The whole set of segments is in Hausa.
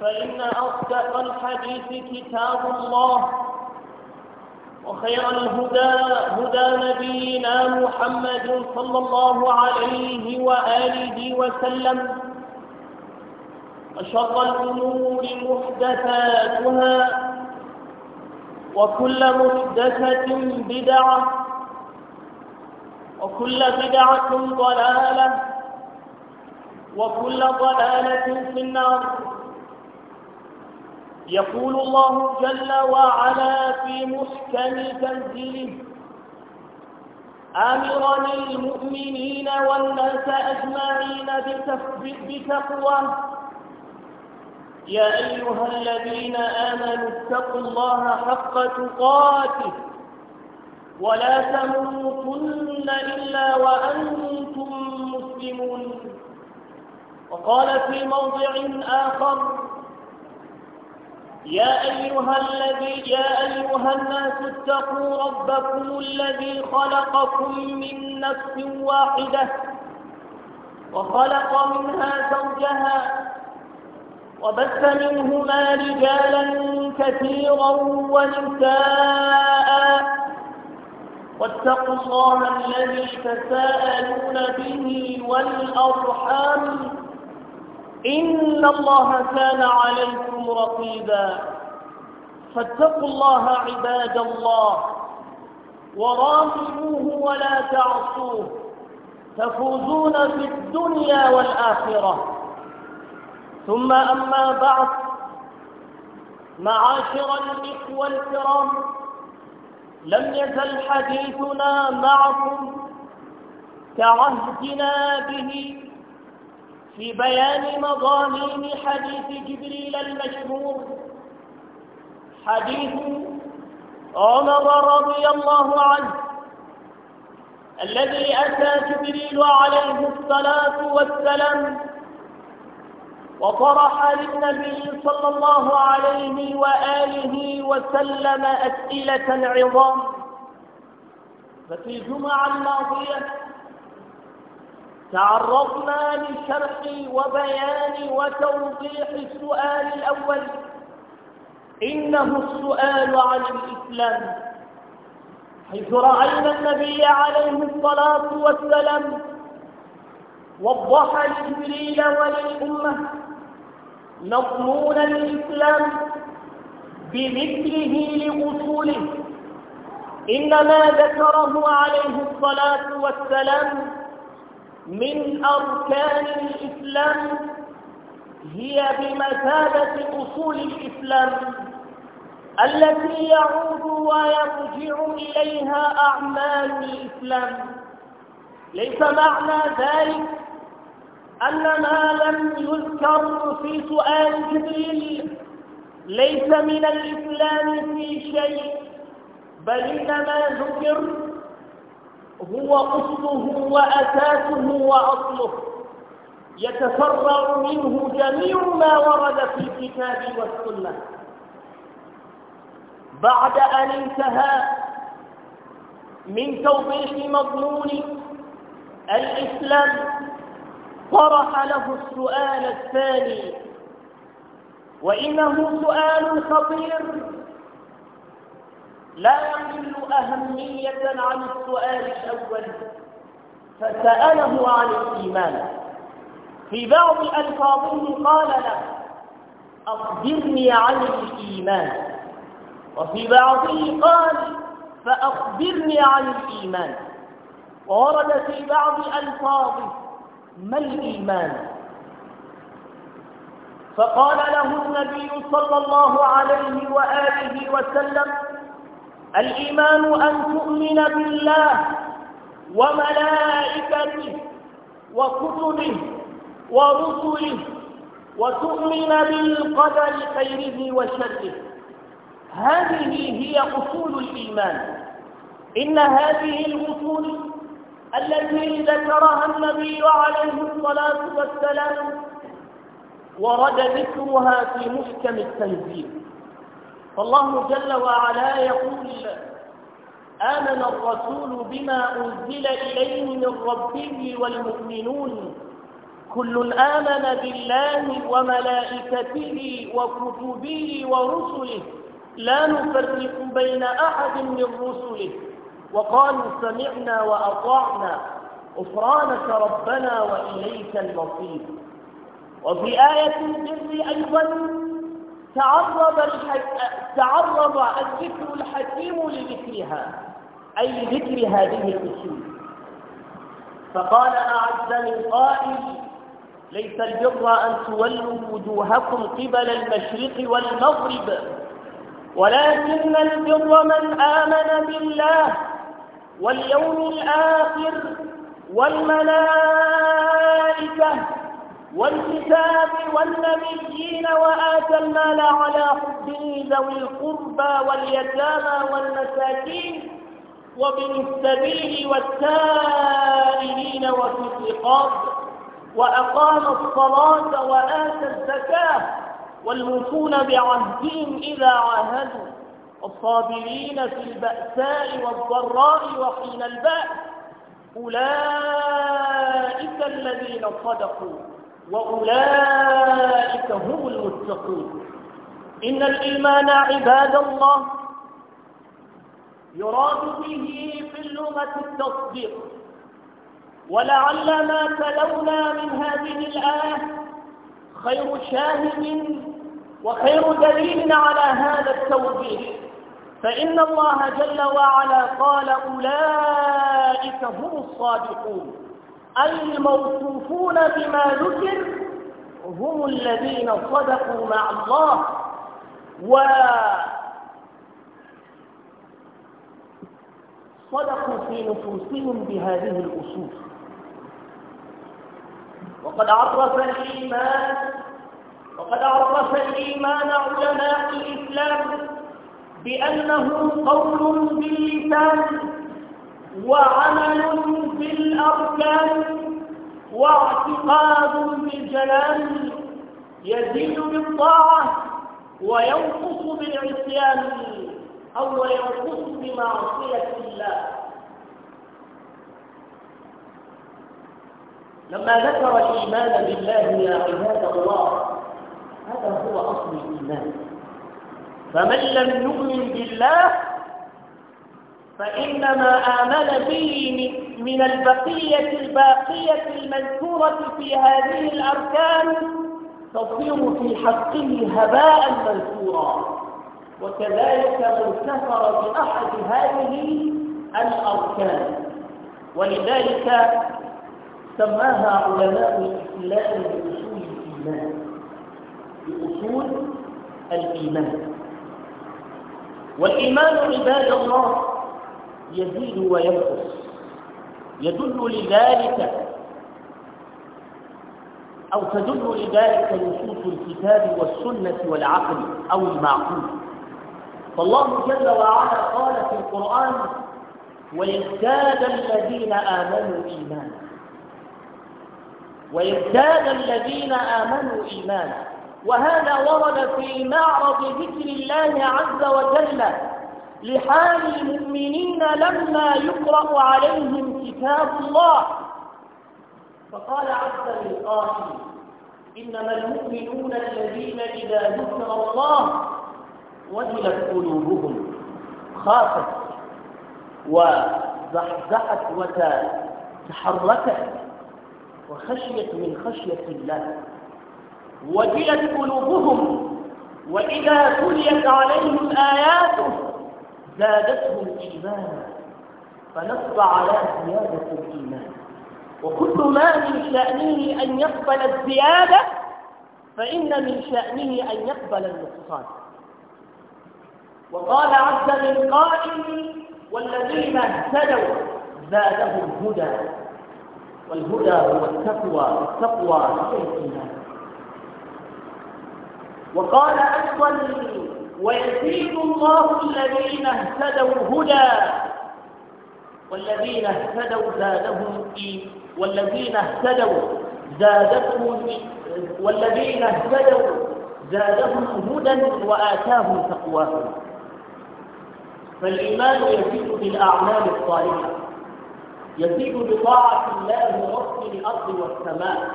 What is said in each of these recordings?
فإن أصدق الحديث كتاب الله وخير الهدى هدى نبينا محمد صلى الله عليه وآله وسلم وشر الأمور محدثاتها وكل محدثة بدعة وكل بدعة ضلالة وكل ضلالة في النار يقول الله جل وعلا في محكم تنزيله آمرا المؤمنين والناس أجمعين بتقوى يا أيها الذين آمنوا اتقوا الله حق تقاته ولا تموتن إلا وأنتم مسلمون وقال في موضع آخر يا أيها, الذي يا أيها الناس اتقوا ربكم الذي خلقكم من نفس واحدة وخلق منها زوجها وبث منهما رجالا كثيرا ونساء واتقوا الله الذي تساءلون به والأرحام إن الله كان عليكم رقيبا فاتقوا الله عباد الله وراقبوه ولا تعصوه تفوزون في الدنيا والآخرة ثم أما بعد معاشر الإخوة الكرام لم يزل حديثنا معكم كعهدنا به في بيان مضامين حديث جبريل المشهور حديث عمر رضي الله عنه الذي أتى جبريل عليه الصلاة والسلام وطرح للنبي صلى الله عليه وآله وسلم أسئلة عظام ففي الجمعة الماضية تعرضنا لشرح وبيان وتوضيح السؤال الأول إنه السؤال عن الإسلام حيث رأينا النبي عليه الصلاة والسلام وضح لجبريل وللأمة مضمون الإسلام بمثله لأصوله إنما ذكره عليه الصلاة والسلام من أركان الإسلام هي بمثابة أصول الإسلام التي يعود ويرجع إليها أعمال الإسلام ليس معنى ذلك أن ما لم يذكر في سؤال جبريل ليس من الإسلام في شيء بل إنما ذكر هو أصله وأساسه وأصله يتفرع منه جميع ما ورد في الكتاب والسنة بعد أن انتهى من توضيح مضمون الإسلام طرح له السؤال الثاني وإنه سؤال خطير لا يقل أهمية عن السؤال الأول فسأله عن الإيمان في بعض ألفاظه قال له أخبرني عن الإيمان وفي بعضه قال فأخبرني عن الإيمان وورد في بعض ألفاظه ما الإيمان فقال له النبي صلى الله عليه وآله وسلم الإيمان أن تؤمن بالله وملائكته وكتبه ورسله وتؤمن بالقدر خيره وشره هذه هي أصول الإيمان إن هذه الأصول التي ذكرها النبي عليه الصلاة والسلام ورد ذكرها في محكم التنزيل فالله جل وعلا يقول آمن الرسول بما أنزل إليه من ربه والمؤمنون كل آمن بالله وملائكته وكتبه ورسله لا نفرق بين أحد من رسله وقالوا سمعنا وأطعنا غفرانك ربنا وإليك المصير وفي آية البر أيضا تعرض, تعرض الذكر الحكيم لذكرها أي ذكر هذه الأصول فقال أعزني قائل ليس البر أن تولوا وجوهكم قبل المشرق والمغرب ولكن البر من آمن بالله واليوم الآخر والملائكة والكتاب والنبيين وآتى المال على حبه ذوي القربى واليتامى والمساكين وابن السبيل والسائلين وفي الرقاب وأقام الصلاة وآتى الزكاة والوفون بعهدهم إذا عاهدوا الصابرين في البأساء والضراء وحين البأس أولئك الذين صدقوا وأولئك هم المتقون إن الإيمان عباد الله يراد به في اللغة التصديق ولعل ما تلونا من هذه الآية خير شاهد وخير دليل على هذا التوبيخ فإن الله جل وعلا قال أولئك هم الصادقون الموصوفون بما ذكر هم الذين صدقوا مع الله و صدقوا في نفوسهم بهذه الأصول وقد عرف الإيمان وقد عرف الإيمان علماء الإسلام بأنه قول باللسان وعمل في الأركان واعتقاد بالجلال يزيد بالطاعة وينقص بالعصيان أو ينقص بمعصية الله لما ذكر الإيمان بالله يا عباد الله هذا هو أصل الإيمان فمن لم يؤمن بالله فإنما آمن به من البقية الباقية المذكورة في هذه الأركان تصير في حقه هباء منثورا وكذلك من كفر بأحد هذه الأركان ولذلك سماها علماء الإسلام بأصول الإيمان بأصول الإيمان والإيمان عباد الله يزيد وينقص يدل لذلك أو تدل لذلك نصوص الكتاب والسنة والعقل أو المعقول فالله جل وعلا قال في القرآن ويزداد الذين آمنوا إيمانا ويزداد الذين آمنوا إيمانا وهذا ورد في معرض ذكر الله عز وجل لحال المؤمنين لما يقرأ عليهم كتاب الله فقال عز من إنما المؤمنون الذين إذا ذكر الله وجلت قلوبهم خافت وزحزحت وتحركت وخشيت من خشية الله وجلت قلوبهم وإذا تليت عليهم آياته زادته الايمان فنص على زيادة الإيمان وكل ما من شأنه أن يقبل الزيادة فإن من شأنه أن يقبل النقصان وقال عز من قائل والذين اهتدوا زادهم هدى والهدى هو التقوى والتقوى هي الإيمان وقال أيضا ويزيد الله الذين اهتدوا هدى والذين اهتدوا زادهم إيه والذين اهتدوا زادتهم والذين اهتدوا زادهم هدى وآتاهم تقواهم فالإيمان يزيد بالأعمال الصالحة يزيد بطاعة الله رب الأرض والسماء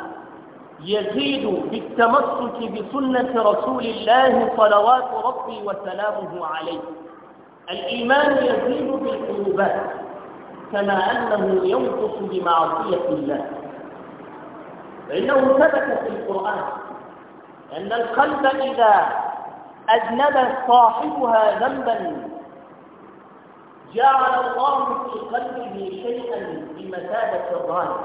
يزيد بالتمسك بسنة رسول الله صلوات ربي وسلامه عليه الإيمان يزيد بالقلوبات كما أنه ينقص بمعصية الله فإنه ثبت في القرآن أن القلب إذا أذنب صاحبها ذنبا جعل الله في قلبه شيئا بمثابة الظالم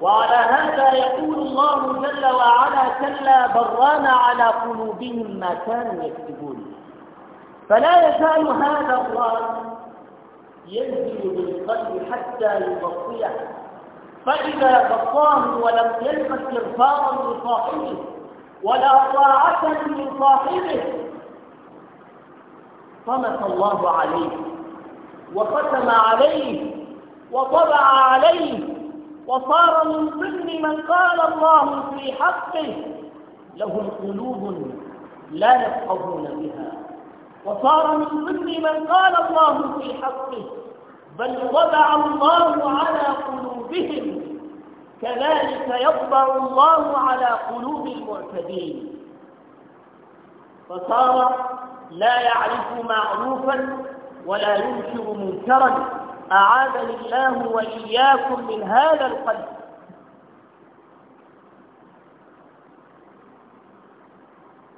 وعلى هذا يقول الله جل وعلا كلا بران على قلوبهم ما كانوا يكتبون فلا يزال هذا الله ينزل بالقلب حتى يغطيه فإذا غطاه ولم يلبس إرفاقا لصاحبه ولا طاعة لصاحبه صمت الله عليه وختم عليه وطبع عليه وصار من ضمن من قال الله في حقه لهم قلوب لا يفقهون بها وصار من ضمن من قال الله في حقه بل وضع الله على قلوبهم كذلك يطبع الله على قلوب المعتدين فصار لا يعرف معروفا ولا ينكر منكرا أعاذني الله وإياكم من هذا القلب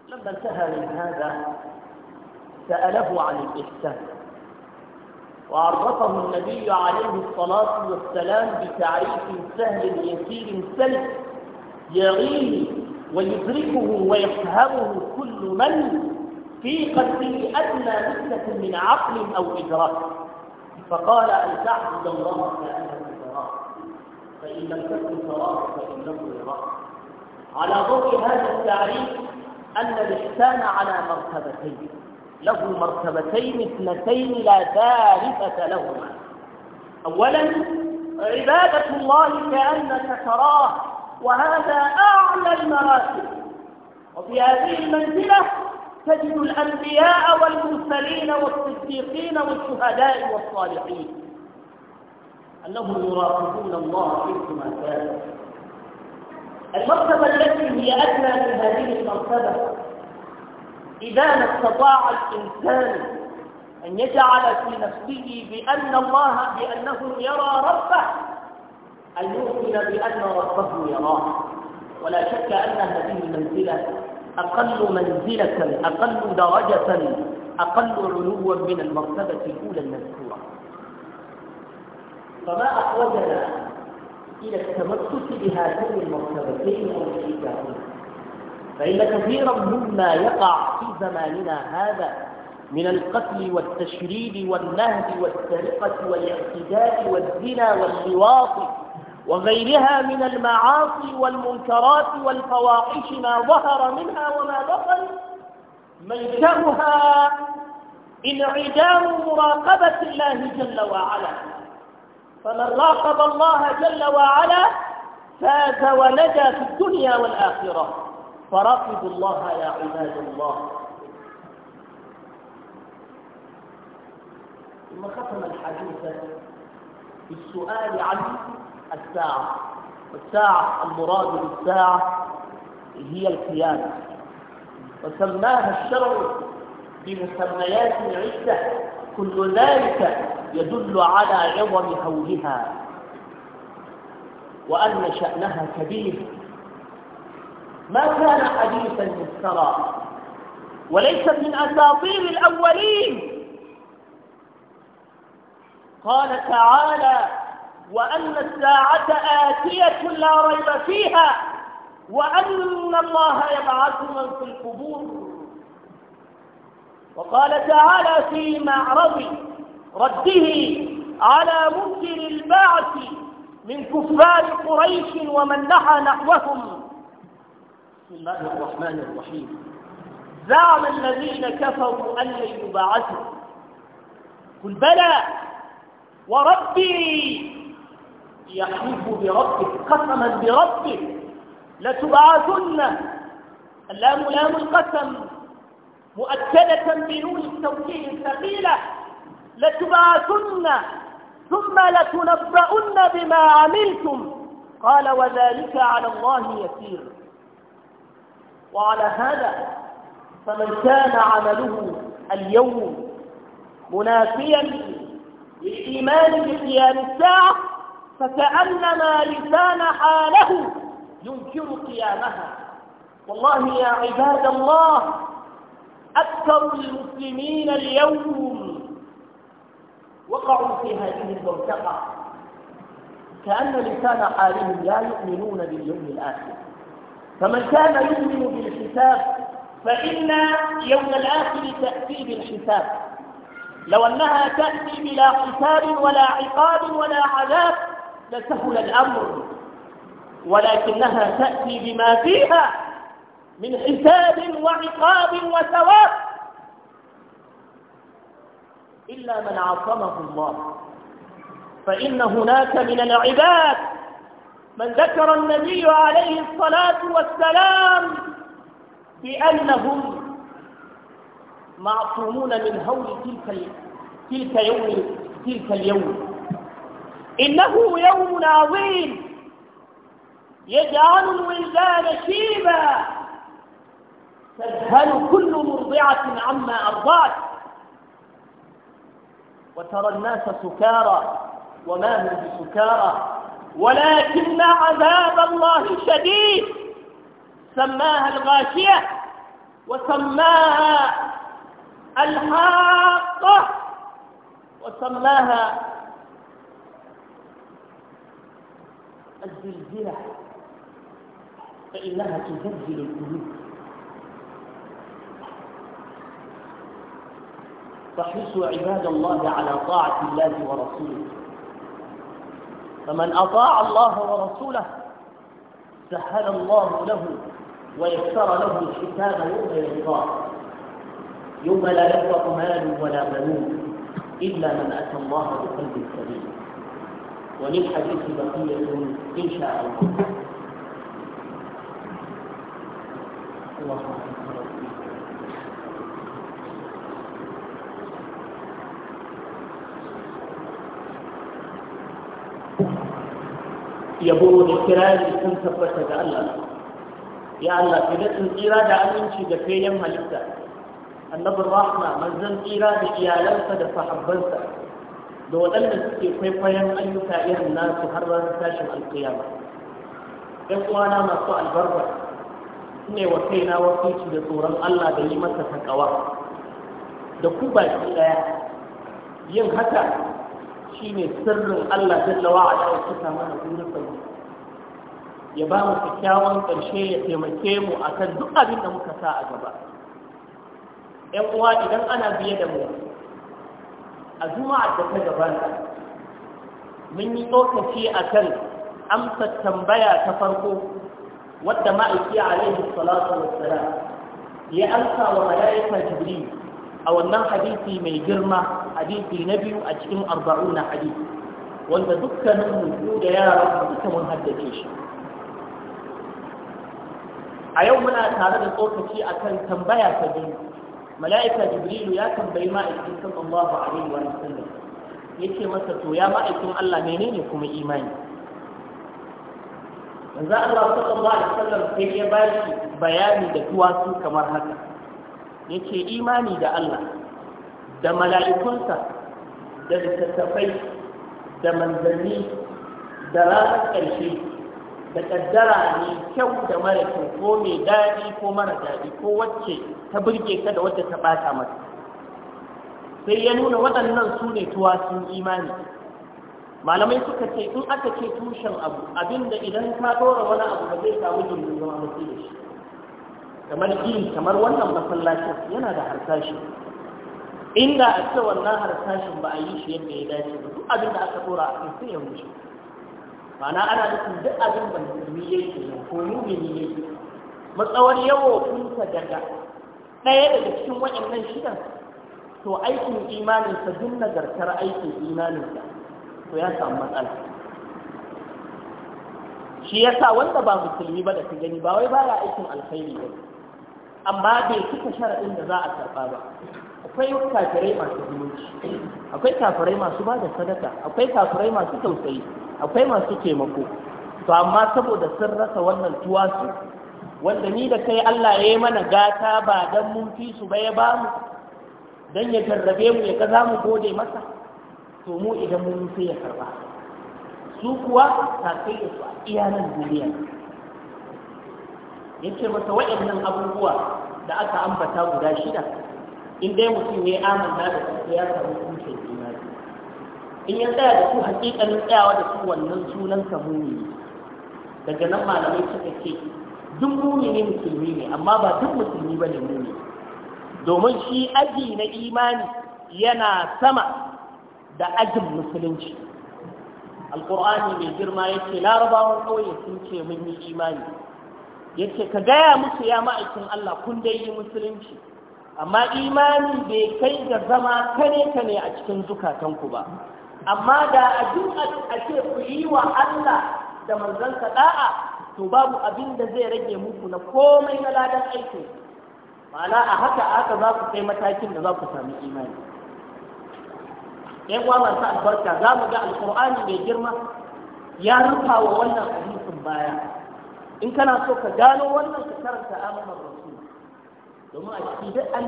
لما انتهى من هذا سأله عن الإحسان وعرفه النبي عليه الصلاة والسلام بتعريف سهل يسير سلس يغيب ويدركه ويفهمه كل من في قلبه أدنى نسبة من عقل أو إدراك فقال أن تعبد الله كأنه تراه فإن لم تكن تراه فإنه يراك على ضوء هذا التعريف أن الإحسان على مرتبتين له مرتبتين اثنتين لا ثالثة لهما أولا عبادة الله كأنك تراه وهذا أعلى المراتب وفي هذه المنزلة تجد الأنبياء والمرسلين والصديقين والشهداء والصالحين أنهم يراقبون الله حيثما كان المرتبة التي هي أدنى من هذه المرتبة إذا ما استطاع الإنسان أن يجعل في نفسه بأن الله بأنه يرى ربه أن يؤمن بأن ربه يراه ولا شك أن هذه المنزلة أقل منزلة أقل درجة أقل علوا من المرتبة الأولى المذكورة فما أخرجنا إلى التمسك بهاتين المرتبتين أو بإيجابهما فإن كثيرا مما يقع في زماننا هذا من القتل والتشريد والنهب والسرقة والاعتداء والزنا واللواط وغيرها من المعاصي والمنكرات والفواحش ما ظهر منها وما بطن منشأها انعدام مراقبة الله جل وعلا فمن راقب الله جل وعلا فاز ونجا في الدنيا والآخرة فراقبوا الله يا عباد الله ثم ختم الحديث بالسؤال عن الساعة والساعة المراد بالساعة هي القيامة وسماها الشرع بمسميات عدة كل ذلك يدل على عظم حولها وأن شأنها كبير ما كان حديثا مفترى وليس من أساطير الأولين قال تعالى وأن الساعة آتية لا ريب فيها وأن الله يبعث من في القبور وقال تعالى في معرض رده على منكر البعث من كفار قريش ومن نحى نحوهم بسم الله الرحمن الرحيم زعم الذين كفروا أن لن يبعثوا قل بلى وربي يحلف بربك قسما بربك لتبعثن اللام لام القسم مؤكدة بنون التوكيد ثقيلة لتبعثن ثم لتنبؤن بما عملتم قال وذلك على الله يسير وعلى هذا فمن كان عمله اليوم منافيا للإيمان بقيام الساعة فكأنما لسان حاله ينكر قيامها والله يا عباد الله أكثر المسلمين اليوم وقعوا في هذه البرتقة كأن لسان حالهم لا يؤمنون باليوم الآخر فمن كان يؤمن بالحساب فإن يوم الآخر تأتي بالحساب لو أنها تأتي بلا حساب ولا عقاب ولا عذاب لسهل الأمر ولكنها تأتي بما فيها من حساب وعقاب وثواب إلا من عصمه الله فإن هناك من العباد من ذكر النبي عليه الصلاة والسلام بأنهم معصومون من هول تلك تلك يوم تلك اليوم إنه يوم عظيم يجعل الولدان شيبا تذهل كل مرضعة عما أرضعت وترى الناس سكارى وما هم بسكارى ولكن عذاب الله شديد سماها الغاشية وسماها الحاقة وسماها الزلزلة فإنها تزلزل القلوب فاحرصوا عباد الله على طاعة الله ورسوله فمن أطاع الله ورسوله سهل الله له ويسر له الحساب يوم يلقاه يوم لا يفرق مال ولا بنون إلا من أتى الله بقلب سليم وللحديث بقية إن شاء الله يبور الكرام يكون ثبت على الله يا الله إذا تنقيرا دعا من شيء دفيا مالكتا النبي الرحمة من زنقيرا بإيالا فدفع بنتا da waɗanda suke kwaikwayon ayyuka irin nasu har ran tashin alƙiyama ɗan uwana masu albarka ne wa kaina wakilci da tsoron Allah da yi masa takawa da ku baki ɗaya yin haka shine sirrin Allah jalla wa a ya cika mana ya ba mu kyakkyawan ƙarshe ya taimake mu akan duk abin da muka sa a gaba ‘yan uwa idan ana biye da mu a juma'a da ta gabata mun yi tsokaci a kan amsa tambaya ta farko wadda ma'aiki alaihi salatu wassalam ya amsa wa malaika jibril a wannan hadisi mai girma hadisi na biyu a cikin arba'una hadisi wanda dukkanin mu da yara duka mun haddace shi a yau muna tare da tsokaci akan tambaya ta biyu mala'ika jibrilu ya tambayi ma'aikin sallallahu alaihi wa sallam yace masa to ya ma'aikin Allah menene kuma imani Yanzu Allah sallallahu alaihi wasallam sai ya bashi bayani da duwatsu kamar haka yace imani da Allah da mala'ikunsa da littattafai da manzanni da ranar ƙarshe da kaddara ne kyau da mara kyau ko mai daɗi ko mara daɗi ko wacce ta burge ka da wacce ta ɓata mata sai ya nuna waɗannan su ne sun imani malamai suka ce in aka ce tushen abu abinda idan ka ɗora wani abu da zai samu jirgin zama ba da shi kamar gini kamar wannan masallacin yana da harsashi inda a ce wannan harsashin ba a yi shi yadda ya dace ba duk abinda aka ɗora a kan sai ya wuce Mana ana nufin duk abin da musulmi ya yi ko mumini ya yi matsawar yawo yawofinsa daga ɗaya daga cikin waɗannan shidan to aikin imaninsa duk nagartar aikin ta. to ya samu matsala shi ya sa wanda ba musulmi ba da ta gani ba wai baya aikin alkhairi ba amma bai cika sharaɗin da za a karɓa ba akwai kafirai masu zumunci akwai kafirai masu ba da sadaka akwai kafirai masu tausayi akwai masu taimako to amma saboda sun rasa wannan tuwasu wanda ni da kai Allah ya yi mana gata ba don mun fi su ba ya ba mu don ya tarrabe mu ya ga za mu gode masa to mu idan mun sai ya karba su kuwa ta kai da su a iyanan duniya ya ce masa waɗannan abubuwa da aka ambata guda shida in dai mutum ya yi da su ya samu kuncin imani in ya tsaya da su hakikalin tsayawa da su wannan sunan ka daga nan malamai suka ce duk mumini musulmi ne amma ba duk musulmi ba ne mumini domin shi aji na imani yana sama da ajin musulunci alkur'ani mai girma ya ce larabawan ƙauye sun ce mun yi imani ya ce ka gaya musu ya ma'aikin Allah kun dai yi musulunci amma imani bai kai ga zama kane kane a cikin zukatanku ba amma da a duk a ce ku yi wa Allah da manzansa da'a to babu abin da zai rage muku na komai na ladan aiki ma'ana a haka aka za ku kai matakin da za ku sami imani yan kwamar sa albarka za mu ga alkur'ani mai girma ya rufa wa wannan hadisin baya in kana so ka gano wannan ka karanta amanar rasul domin a ciki duk an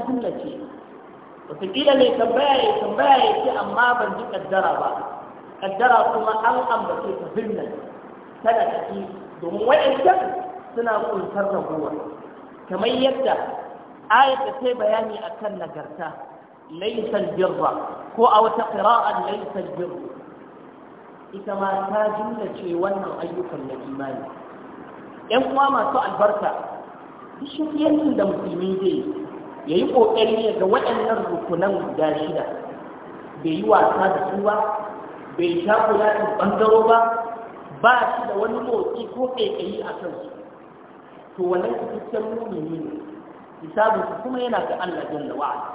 wataƙila mai tambaya ya tambaya ya ce amma ban ji kaddara ba kaddara kuma an ambace ta zinnan tana ciki domin waɗancan suna kuntar ragowa kamar yadda ayat da ta bayani akan nagarta laysal birra ko a wata qira'a laysal birra ita ma ta jumla ce wannan ayyukan na imani ƴan uwa masu albarka duk shafiyancin da musulmi zai yi ya yi ƙoƙari ne ga waɗannan rukunan guda shida bai yi wasa da su ba bai sha kula da ɓangaro ba ba shi da wani motsi ko ƙaiƙayi a kan su to wannan cikakken mumini ne hisabinsu kuma yana ga Allah da wa'ala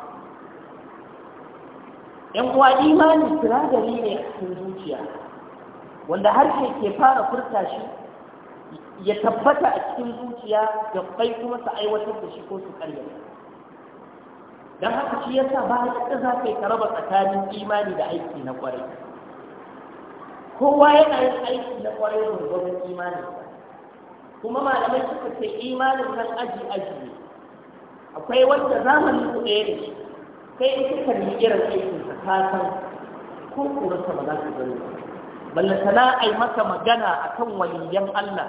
ɗan uwa imani sinadari ne a cikin zuciya wanda har ke fara furta shi ya tabbata a cikin zuciya da kai kuma su aiwatar da shi ko su karyata don haka shi ya sa ba yadda za ka yi karaba tsakanin imani da aiki na kwarai kowa yana yin aiki na kwarai gurgurin imani kuma malamai suka ce imanin kan aji aji ne akwai wanda zamanin su ɗaya ne sai in suka yi irin aikin sa ka san ko kurarsa ba za su gani ba. ballantana ai maka magana akan waliyan Allah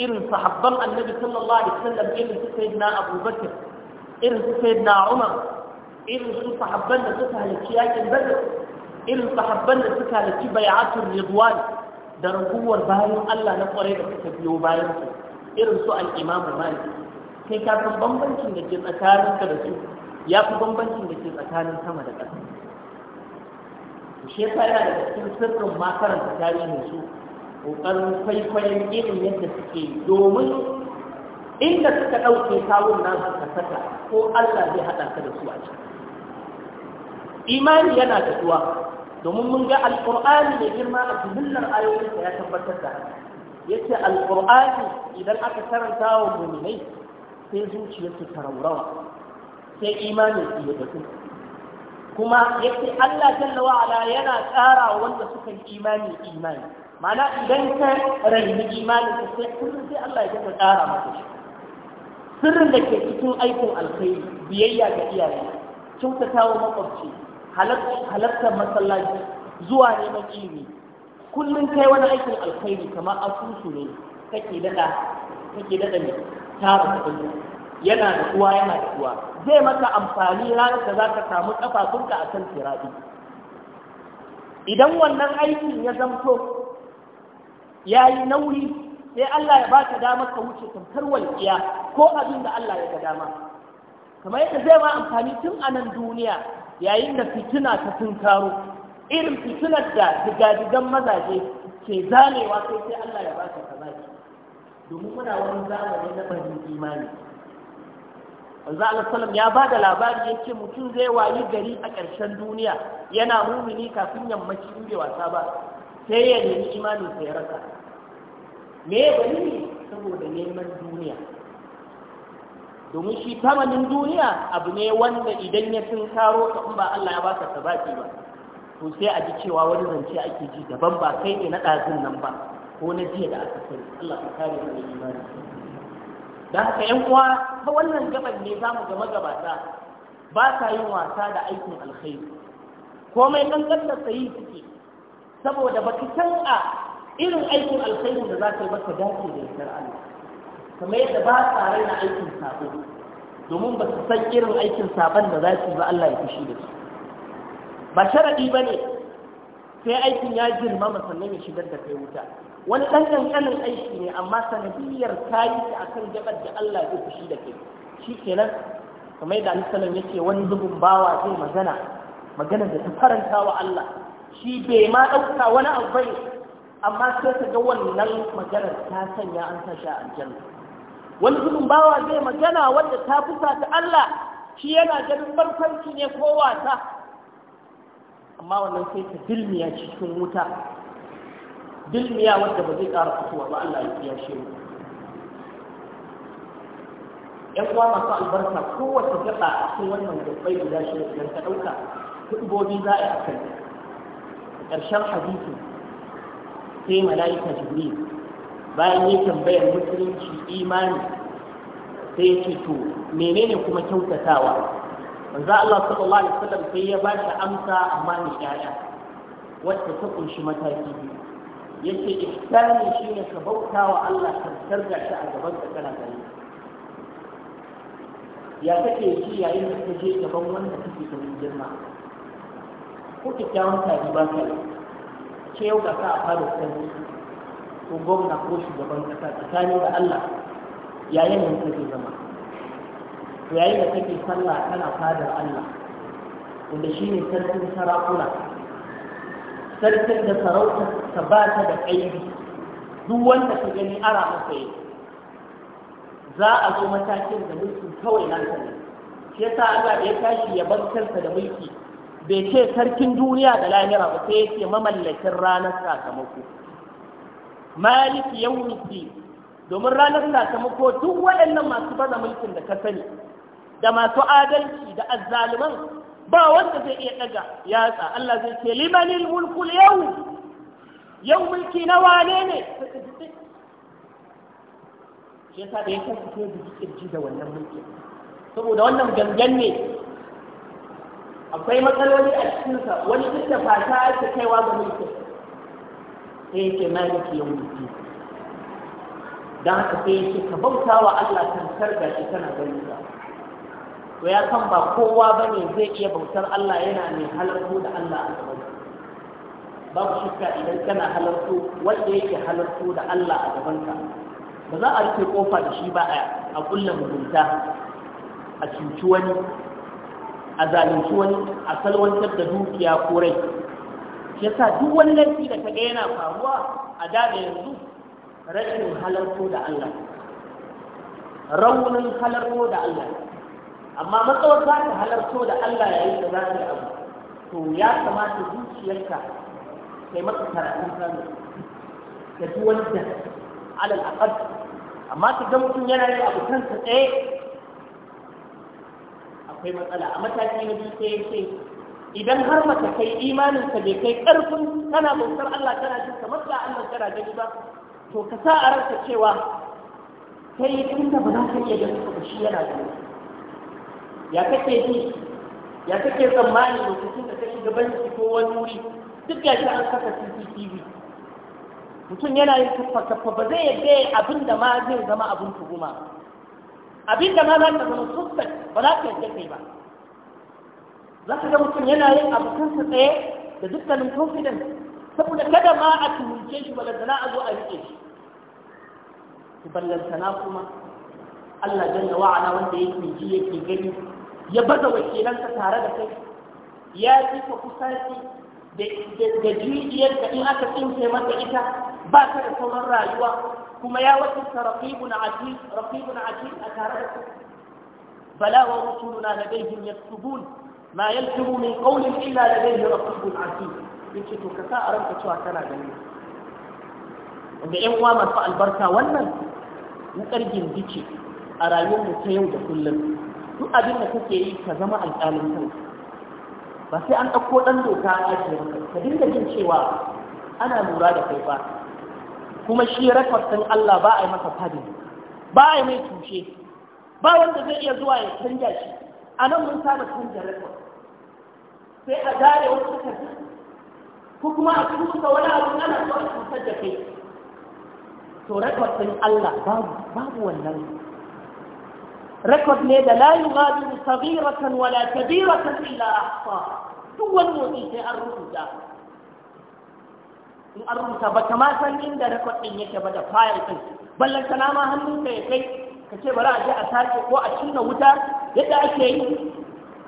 irin sahabban annabi sallallahu alaihi wasallam irin su sayyidina abubakar irin su sayyidina Umar irin su sahabban da suka halarci yakin Badr irin sahabban da suka halarci bai'atul ridwan da raguwar bayan Allah na kwarai da suka biyo bayan su irin su al-Imam Malik kai ka san bambancin da ke tsakanin ka da su ya fi bambancin da ke tsakanin sama da ƙasa shi yasa yana da cikin sirrin ma karanta tarihin su ƙoƙarin kwaikwayon irin yadda suke domin inda suka ɗauke kawun nasu ka saka ko Allah zai haɗa ka da su a ciki imani yana da tuwa domin mun ga alƙur'ani mai girma a jimillar ayoyinsa ya tabbatar da ya ce alƙur'ani idan aka karanta wa muminai sai zuciyarsu ta raurawa sai imanin su ya kuma ya ce Allah jalla wa'ala yana tsara wanda suka yi imani imani ma'ana idan ka raini imani sai kullum sai Allah ya tafi tsara maka shi sirrin da ke cikin aikin alkhairi biyayya ga iyaye kyautata wa makwabci halartar masallaci zuwa neman ilimi kullum kai wani aikin alkhairi kamar asusu ne kake daɗa kake daɗa ne tara kuɗi yana da uwa yana da uwa zai maka amfani ranar da za ka samu ƙafafunka a kan tirabi idan wannan aikin ya zamto ya yi nauyi sai Allah ya baka damar ka wuce tamkar walƙiya ko abin da Allah ya ga dama kamar yadda zai ma amfani tun a nan duniya yayin da fitina ta tunkaro irin fitinar da digadigan mazaje ke zanewa sai sai Allah ya baka kaza domin muna wani zamani na bari imani Wanzu Allah salam ya ba da labari ya ce mutum zai wayi gari a ƙarshen duniya yana mumini kafin yammaci in bai wasa ba sai ya nemi imanin sai ya rasa me ya ne saboda neman duniya domin shi tamanin duniya abu ne wanda idan ya sun karo ka in ba Allah ya ba ka sabaki ba to sai a ji cewa wani zance ake ji daban ba kai ne na ɗazun nan ba ko na jiya da aka sani Allah ka kare mu da imani da haka yan uwa ta wannan gaban ne zamu ga magabata ba sa yin wasa da aikin alkhairi komai kankan da sayi suke saboda baki san a irin aikin alkhairin da za ka yi dace da yasar Allah kamar yadda ba sa raina aikin sabo domin ba su san irin aikin sabon da za su yi ba Allah ya fushi da su ba sharaɗi ba ne sai aikin ya girmama sannan ya shigar da kai wuta wani ɗan ƙanƙanin aiki ne amma sanadiyar kayi ta akan gabar da Allah zai fushi da kai shi kenan kamar yadda alisalam ya ce wani zubin bawa zai magana magana da ta faranta wa Allah shi bai ma ɗauka wani abu bane amma sai ka ga wannan maganar ta sanya an tasha aljanna wani gudun bawa zai magana wanda ta fusa ta Allah shi yana ganin barkanci ne ko wata amma wannan sai ta dilmiya cikin wuta dilmiya wanda ba zai ƙara fitowa ba Allah ya kiyashe mu ‘yan uwa masu albarka kowace gaba a cikin wannan gabbai guda shi ne ka ɗauka hudubobi za a yi a kai ƙarshen hadisi sai mala'ika jibril bayan ya tambayar musulunci imani sai ya ce to menene kuma kyautatawa manzo Allah sallallahu alaihi wasallam sai ya bashi amsa amma ni yaya wacce ta kunshi mataki biyu yace ihsani shine ka bauta wa Allah ka sarga shi a gaban ka kana gani ya kake ji yayin da kake gaban wanda kake ganin girma ko kyakkyawan tabi ba ka yi ke yau ka a fara sani ko gwamna ko shugaban kasa tsakanin da Allah yayin da kake zama to yayin da kake sallah kana fadar Allah wanda shi ne sarkin sarakuna sarkin da sarauta ta ba ta da ƙaibi duk wanda ka gani ara masa yi za a zo matakin da mulkin kawai nan ne shi yasa Allah da ya tashi ya bar da mulki bai ce sarkin duniya da lahira ba sai yake mamallakin ranar sakamako malik yawmiti domin ranar sakamako duk waɗannan masu bada mulkin da ka sani da masu adalci da azzaluman ba wanda zai iya daga yatsa Allah zai ce limanil mulkul yau yau mulki na wane ne sai yasa da ya ce da kirji da wannan mulki saboda wannan gangan ne akwai matsaloli a cikinsa wani duk da fata ake kaiwa ga mulkin sai yake maliki yau mutu don haka sai ya ce ka bauta wa Allah tamkar da shi kana gani ba to ya san ba kowa ba ne zai iya bautar Allah yana mai halartu da Allah a gaban babu shakka idan kana halartu wanda yake halartu da Allah a gaban ka, ba za a rufe kofa da shi ba a kulla mugunta a cuci wani a zalunci wani a salwantar da dukiya ko rai shi yasa duk wani laifi da ga yana faruwa a daga yanzu rashin halarto da Allah raunin halarto da Allah amma matsawar za ta halarto da Allah yayin da za ta yi abu to ya kamata zuciyarka kai maka karatun sani da duwanda alal aqad amma ta ga mutum yana yin abu kansa tsaye akwai matsala a mataki na biyu sai ya ce idan har mata kai imanin ka bai kai karfin kana bautar Allah kana jin kamar ba Allah kana gani ba to ka sa a ranka cewa kai tunda ba za ka iya ganin ba shi yana da ya kake ji ya kake tsammani lokacin da kake gaban shi ko wani wuri duk ya ji an saka CCTV mutum yana yin kaffa kaffa ba zai yadda abin da ma zai zama abin tuhuma da ma za ka zama sosai, ba za ka yarda kai ba za ka ga mutum yana yin abu su tsaye da dukkanin confidence saboda kada ma a tuhunce shi balantana a zo a rike shi ku ballantana kuma Allah jalla wa'ala wanda yake ji yake gani ya baza wakilansa tare da kai ya ji ka kusa da jijiyar ka in aka tsinke masa ita ba ka da sauran rayuwa kuma ya wakilta raqibun atid raqibun atid a tare da ku bala wa rusuluna ladaihim yaktubun ma yalfiru min qawlin illa ladaihi raqibun atid yace to ka sa a ranka cewa kana gani wanda ƴan uwa masu albarka wannan wukar gindi ce a rayuwarmu ta yau da kullum duk abin da kake yi ka zama alƙalin kanka ba sai an ɗauko ɗan doka a ajiye ka dinga jin cewa ana lura da kai ba kuma shi rekod Allah ba a yi masa fadi ba a yi mai tushe ba wanda zai iya zuwa ya canja shi a nan mun saba canja rekod sai a gare wasu takardu ko kuma a cikin kusa wani abu ana zuwa cutar da kai to rekod Allah babu babu wannan rekod ne da la yughadiru saghiratan wala kabiratan illa ahsa duk wani motsi sai an rubuta in an rubuta ba ta masan inda rikodin ɗin yake ba da fayil ɗin ta nama hannun hannunka ya kai ka ce bari a je a sake ko a cinna wuta yadda ake yi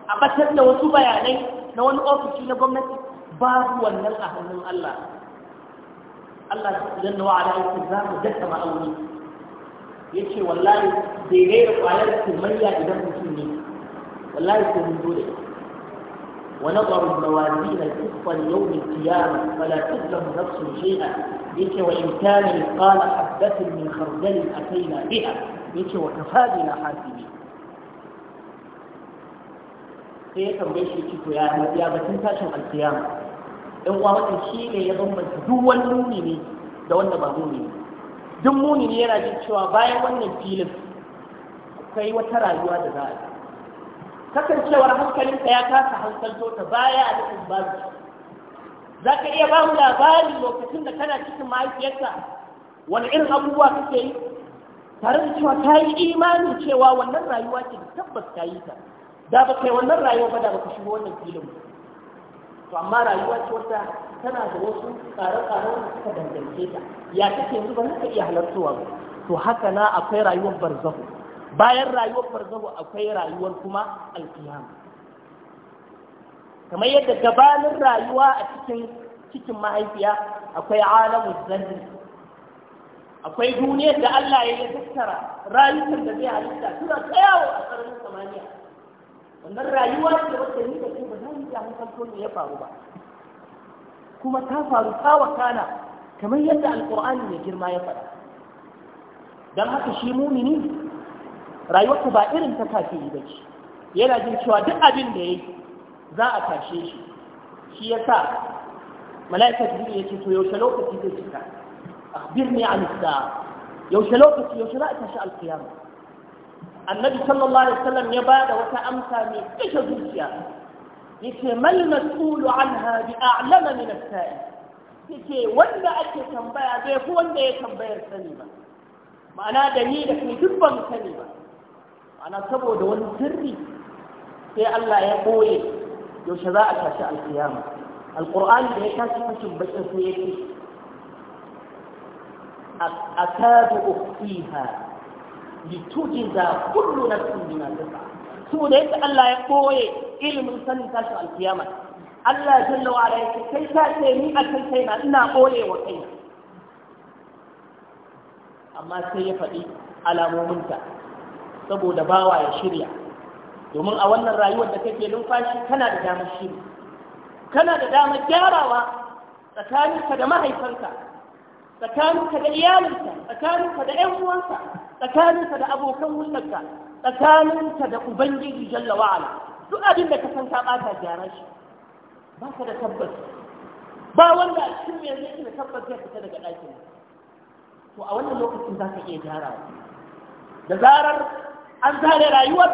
a batar da wasu bayanai na wani ofishi na gwamnati babu wannan a hannun Allah Allah jalla wa ala yake za mu daka ma'auni yace wallahi bai da kwayar kumayya idan mutum ne wallahi ko mun dole ونظر الموازين القسط ليوم القيامة فلا تظلم نفس شيئا يك وإن كان مثقال حبة من خردل أتينا بها يك وكفى بنا حاسبين sai ya tambaye shi ciko ya ya batun tashin alkiyama in uwa shi ne ya bambanta duk wani muni ne da wanda ba muni ne duk muni ne yana jin cewa bayan wannan filin kai wata rayuwa da za a yi kasancewar hankalinka ya kasa hankalto ta baya a cikin babu za ka iya ba mu labari lokacin da kana cikin mahaifiyarsa wani irin abubuwa kake yi tare da cewa ta yi imanin cewa wannan rayuwa ce da tabbas ta yi ta da ba kai wannan rayuwa ba da ba ka shigo wannan filin to amma rayuwa ce wata tana da wasu tsare-tsare da suka dangance ta ya kake yanzu ba za ka iya halartowa ba to haka na akwai rayuwar barzahu bayan rayuwar farzabo akwai rayuwar kuma alkiyama kamar yadda gabanin rayuwa a cikin cikin mahaifiya akwai alamun zanni akwai duniyar da Allah ya yi tattara rayukan da zai halitta suna tsayawa a sararin samaniya wannan rayuwa ce wacce ni da ke ba za mu iya hankalto ne ya faru ba kuma ta faru tsawa kana kamar yadda Alƙur'ani ya girma ya faɗa don haka shi mumini rayuwarsa ba irin ta kafiri ba ce yana jin cewa duk abin da ya yi za a tashe shi shi ya sa mala'ika jibril ya ce to yaushe lokaci zai cika akhbirni an sa'a yaushe lokaci yaushe za a tashi alkiyama annabi sallallahu alaihi wasallam ya bada wata amsa mai kashe zuciya yace mal mas'ulu anha bi a'lama min as-sa'i yace wanda ake tambaya bai fi wanda ya tambayar sani ba ma'ana da ni da kai duk ban sani ba ma'ana saboda wani sirri sai Allah ya koye yaushe za a tashi alkiyama alqur'ani da ya tashi cikin bakin sai ya ce akadu ukhfiha litujza kullu nafsin bima tas'a saboda yadda Allah ya koye ilimin sanin tashi alkiyama Allah jalla wa ala yake kai ta ce ni a kai kai na ina koye wa kai amma sai ya faɗi alamominta saboda bawa ya shirya domin a wannan rayuwar da kake numfashi kana da damar shiri kana da damar gyarawa tsakaninka da mahaifanka tsakaninka da iyalinka tsakaninka da 'yan uwanka tsakaninka da abokan hulɗarka tsakaninka da ubangiji jalla wa'ala duk abin da ka san ka ɓata gyara shi ba ka da tabbas ba wanda a cikin me zai iya tabbas zai fita daga ɗakin to a wannan lokacin za ka iya gyarawa da zarar an zare rayuwar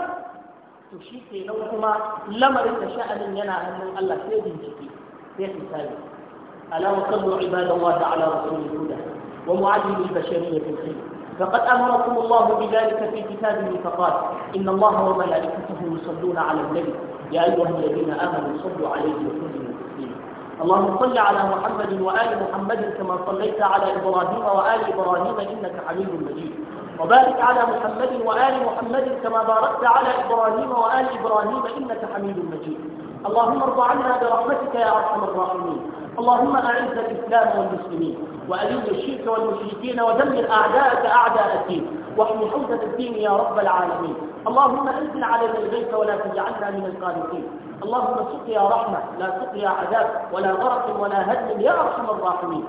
to shi ke nan kuma lamarin da sha'anin yana hannun Allah sai bincike sai hisabi ala wa sallu ibadallahi ta'ala wa sallu huda wa mu'adil al-bashariyya fil khayr فقد أمركم الله بذلك في كتابه فقال إن الله وملائكته يصلون على النبي يا أيها الذين آمنوا صلوا عليه وسلموا اللهم صل على محمد وآل محمد كما صليت على إبراهيم وآل إبراهيم إنك حميد مجيد وبارك على محمد وآل محمد كما باركت على إبراهيم وآل إبراهيم إنك حميد مجيد اللهم ارض عنا برحمتك يا أرحم الراحمين اللهم أعز الإسلام والمسلمين وأذل الشرك والمشركين ودمر أعداءك أعداء الدين واحم حوزة الدين يا رب العالمين اللهم أنزل علينا البيت ولا تجعلنا من القانطين اللهم سقيا رحمة لا سقيا عذاب ولا غرق ولا هدم يا أرحم الراحمين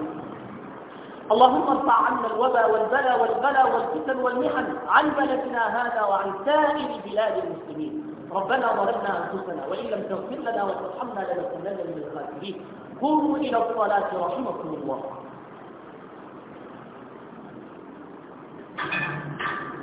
اللهم ارفع عنا الوبا والبلا والبلا والفتن والمحن عن بلدنا هذا وعن سائر بلاد المسلمين ربنا ظلمنا أنفسنا وإن لم تغفر لنا وترحمنا لنكونن من الخاسرين قوموا إلى الصلاة رحمكم الله